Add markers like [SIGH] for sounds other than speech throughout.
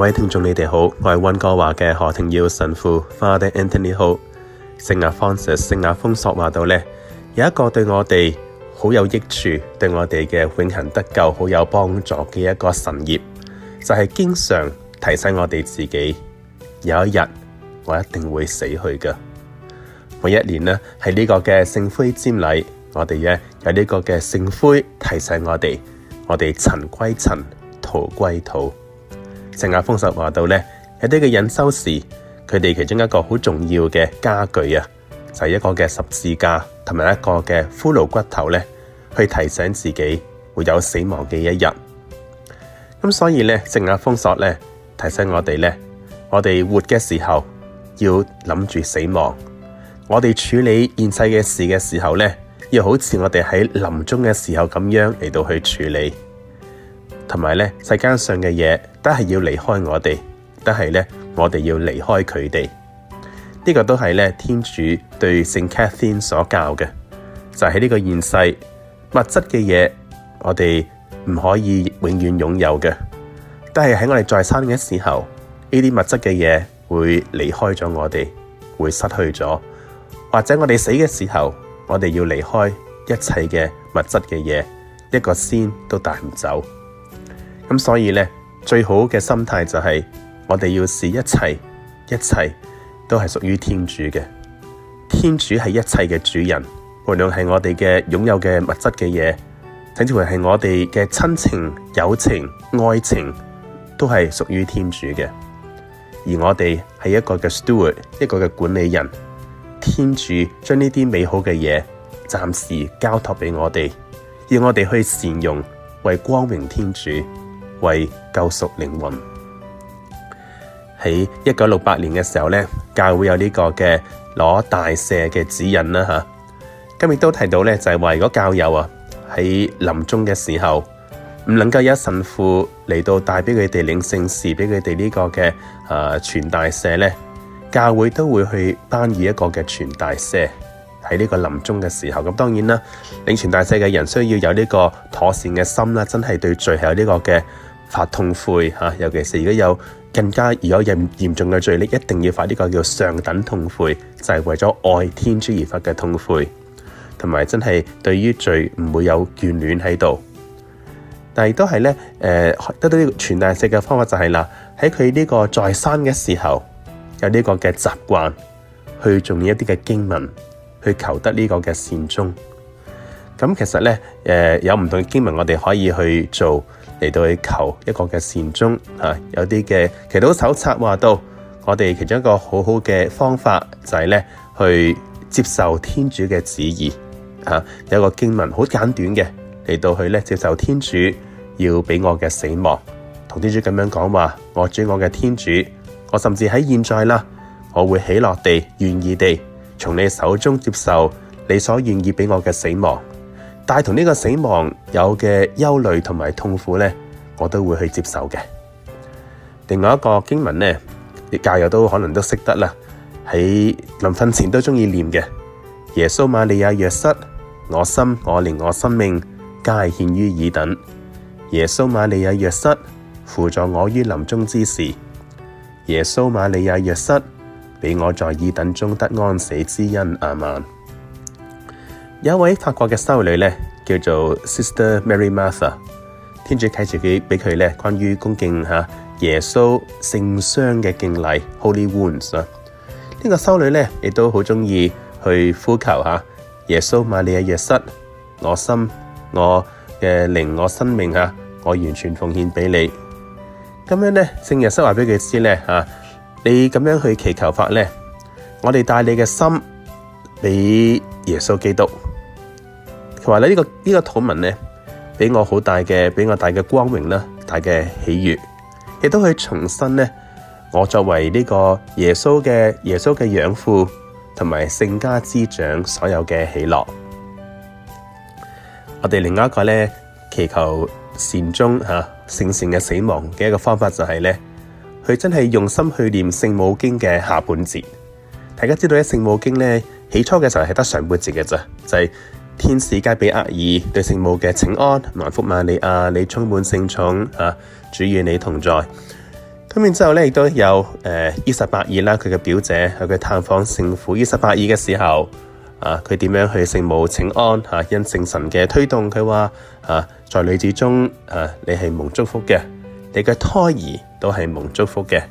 各位聽眾，你哋好，我係溫哥華嘅何庭耀神父。 [MUSIC] Father Anthony 好，聖亞方士、聖亞豐索話到呢，有一個對我哋好有益處、對我哋嘅永恆得救好有幫助嘅一個神業，就係、是、經常提醒我哋自己：有一日我一定會死去嘅。每一年呢，喺呢個嘅聖灰瞻禮，我哋呢有呢個嘅聖灰提醒我哋：我哋塵歸塵，土歸土。聖亞封鎖話到呢，有啲嘅隱修時，佢哋其中一個好重要嘅家具啊，就係一個嘅十字架，同埋一個嘅骷髏骨頭呢，去提醒自己會有死亡嘅一日。咁所以呢，聖亞封鎖咧，提醒我哋咧，我哋活嘅時候要諗住死亡，我哋處理現世嘅事嘅時候咧，要好似我哋喺臨終嘅時候咁樣嚟到去處理。同埋咧，世間上嘅嘢都係要離開我哋，都係咧，我哋要離開佢哋。呢、這個都係咧，天主對聖卡 a 所教嘅，就喺、是、呢個現世物質嘅嘢，我哋唔可以永遠擁有嘅，但係喺我哋再生嘅時候，呢啲物質嘅嘢會離開咗我哋，會失去咗，或者我哋死嘅時候，我哋要離開一切嘅物質嘅嘢，一個仙都帶唔走。所以呢，最好嘅心態就是我哋要視一切，一切都是屬於天主嘅。天主是一切嘅主人，無論係我哋嘅擁有嘅物質嘅嘢，甚至乎係我哋嘅親情、友情、愛情，都是屬於天主嘅。而我哋是一個嘅 steward，一個嘅管理人。天主將呢啲美好嘅嘢暫時交託俾我哋，要我哋去善用，為光明天主。為救贖靈魂，喺一九六八年嘅時候咧，教會有呢個嘅攞大赦嘅指引啦。吓，今日都提到咧，就係為嗰教友啊喺臨終嘅時候，唔能夠有一神父嚟到帶俾佢哋領聖事，俾佢哋呢個嘅誒、啊、全大赦咧，教會都會去頒予一個嘅全大赦喺呢個臨終嘅時候。咁當然啦，領全大赦嘅人需要有呢個妥善嘅心啦，真係對罪有呢個嘅。發痛悔吓，尤其是如果有更加如果有嚴嚴重嘅罪咧，一定要發呢個叫上等痛悔，就係、是、為咗愛天主而發嘅痛悔，同埋真係對於罪唔會有眷戀喺度。但係都係咧，誒，得到呢個全大赦嘅方法就係、是、啦，喺佢呢個在生嘅時候有呢個嘅習慣，去做念一啲嘅經文，去求得呢個嘅善終。咁其實咧，誒，有唔同嘅經文，我哋可以去做。嚟到去求一個嘅善終，啊，有啲嘅祈禱手冊話到，我哋其中一個好好嘅方法就係呢，去接受天主嘅旨意，啊、有個經文好簡短嘅嚟到去接受天主要俾我嘅死亡，同天主咁樣講話，我追我嘅天主，我甚至喺現在啦，我會喜樂地願意地從你手中接受你所願意俾我嘅死亡。但係同呢個死亡有嘅憂慮同埋痛苦呢，我都會去接受嘅。另外一個經文呢，教友都可能都識得啦，喺臨瞓前都中意念嘅。耶穌瑪利亞若瑟，我心我靈我生命皆獻於爾等。耶穌瑪利亞若瑟，輔助我於臨終之時。耶穌瑪利亞若瑟，俾我在爾等中得安死之恩。阿門。有一位法國嘅修女咧，叫做 Sister Mary Martha，天主啟示佢俾佢咧，關於恭敬吓耶穌聖傷嘅敬禮 Holy Wounds 啊。呢個修女咧，亦都好中意去呼求吓耶穌瑪利亞若瑟，我心我嘅靈，我生命吓，我完全奉獻俾你。咁樣咧聖若瑟話俾佢知咧，吓，你咁樣去祈求法咧，我哋帶你嘅心俾耶穌基督。同埋呢、這個呢、這個禱文呢，俾我好大嘅，俾我大嘅光榮啦，大嘅喜悅，亦都可以重申呢。我作為呢個耶穌嘅耶穌嘅養父，同埋聖家之長，所有嘅喜樂。我哋另外一個咧，祈求善終吓，聖、啊、善嘅死亡嘅一個方法就係咧，佢真係用心去念聖母經嘅下半節。大家知道咧，聖母經咧起初嘅時候係得上半節嘅，咋就係、是。天使皆比厄爾對聖母嘅請安，萬福瑪利亞！你充滿聖寵啊！主與你同在。咁，然之後咧，亦都有誒，伊、呃、十八二啦。佢嘅表姐喺佢探訪聖父。伊十八二嘅時候啊，佢點樣去聖母請安啊？因聖神嘅推動，佢話啊，在女子中啊，你係蒙祝福嘅，你嘅胎兒都係蒙祝福嘅。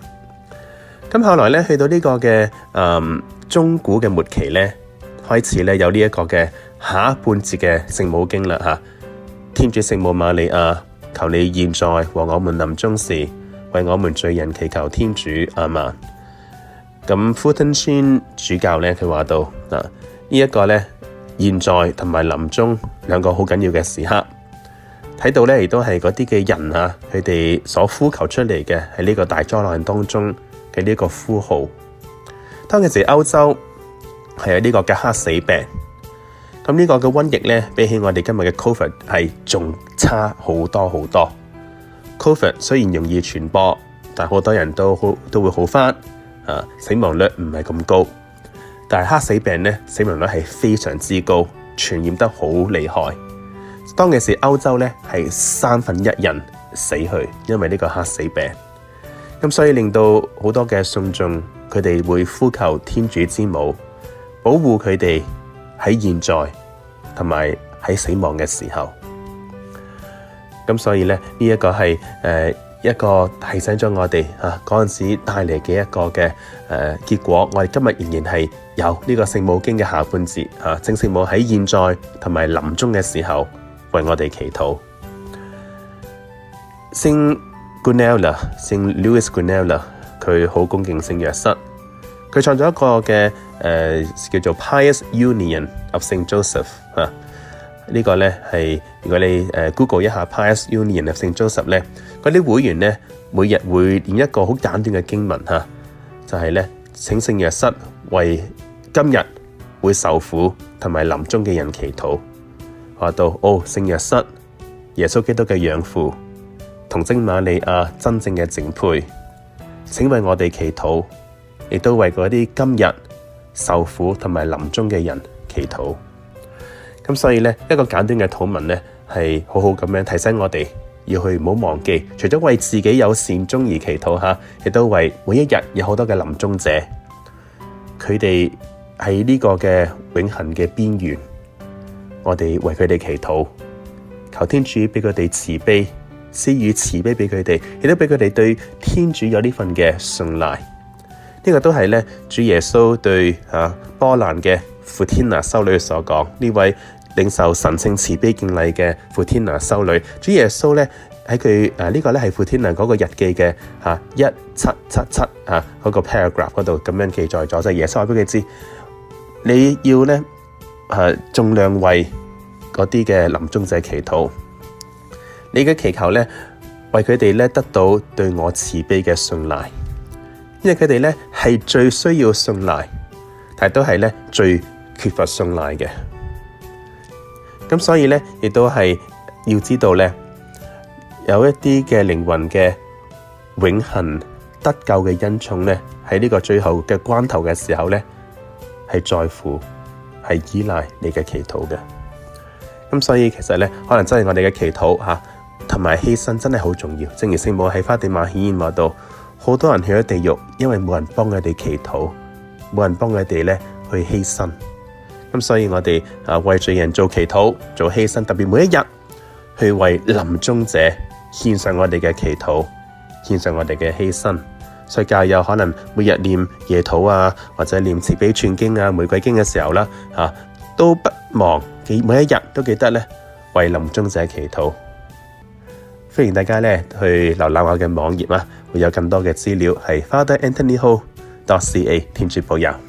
咁後來咧，去到呢個嘅誒、嗯、中古嘅末期咧，開始咧有呢一個嘅。下半節嘅聖母經啦，吓，天主聖母瑪利亞，求你現在和我們臨終時為我們罪人祈求天主啊嘛。咁，福丁孫主教呢，佢話到啊，呢、這、一個呢，現在同埋臨終兩個好緊要嘅時刻，睇到呢亦都係嗰啲嘅人啊，佢哋所呼求出嚟嘅喺呢個大災難當中嘅呢個呼號，當其時歐洲係有呢個嘅黑死病。咁呢個嘅瘟疫咧，比起我哋今日嘅 Covid 係仲差好多好多。Covid 雖然容易傳播，但好多人都好都會好返，啊，死亡率唔係咁高。但係黑死病咧，死亡率係非常之高，傳染得好厲害。當其時歐洲咧係三分一人死去，因為呢個黑死病。咁所以令到好多嘅信眾，佢哋會呼求天主之母保護佢哋。喺現在同埋喺死亡嘅時候，咁所以咧呢一個係誒一個提醒咗我哋啊嗰陣時帶嚟嘅一個嘅誒結果，我哋今日仍然係有呢個聖母經嘅下半節啊，正聖母喺現在同埋臨終嘅時候為我哋祈禱。聖 Guanella，聖 Louis Guanella，佢好恭敬聖若瑟。佢創咗一個嘅誒叫做 Pious Union of Saint Joseph 嚇，呢個咧係如果你誒 Google 一下 Pious Union of Saint Joseph 咧，佢啲會員咧每日會念一個好簡短嘅經文嚇，就係咧請聖約瑟為今日會受苦同埋臨終嘅人祈禱，話到哦聖約瑟，耶穌基督嘅養父同聖瑪利亞真正嘅正配，請為我哋祈禱。亦都為嗰啲今日受苦同埋臨終嘅人祈禱。咁所以呢，一個簡短嘅禱文呢，係好好咁樣提醒我哋要去唔好忘記，除咗為自己有善終而祈禱吓，亦都為每一日有好多嘅臨終者，佢哋喺呢個嘅永恆嘅邊緣，我哋為佢哋祈禱，求天主俾佢哋慈悲，施予慈悲俾佢哋，亦都俾佢哋對天主有呢份嘅信賴。呢、這個都是咧，主耶穌對波蘭嘅傅天娜修女所講。呢位領受神聖慈悲敬禮嘅傅天娜修女，主耶穌呢喺佢呢個咧係傅天娜嗰個日記嘅一七七七吓嗰個 paragraph 嗰度，咁樣記載咗，就是、耶穌話俾佢知，你要呢誒，盡量為嗰啲嘅臨終者祈禱，你嘅祈求呢，為佢哋咧得到對我慈悲嘅信賴。因為佢哋咧係最需要信賴，但都係咧最缺乏信賴嘅。咁所以呢，亦都係要知道呢，有一啲嘅靈魂嘅永恆得救嘅恩寵呢，喺呢個最後嘅關頭嘅時候呢，係在乎係依賴你嘅祈禱嘅。咁所以其實呢，可能真係我哋嘅祈禱吓同埋犧牲真係好重要。正如聖母喺花地瑪顯現話到。好多人去咗地獄，因為冇人幫佢哋祈禱，冇人幫佢哋咧去犧牲。咁所以我哋啊為罪人做祈禱、做犧牲，特別每一日去為臨終者獻上我哋嘅祈禱，獻上我哋嘅犧牲。所以教友可能每日念夜禱啊，或者念慈悲串經啊、玫瑰經嘅時候啦，吓都不忘記每一日都記得咧為臨終者祈禱。歡迎大家呢去瀏覽我嘅網頁會、啊、會有更多嘅資料係 Father Anthony Ho dot ca 天主保佑。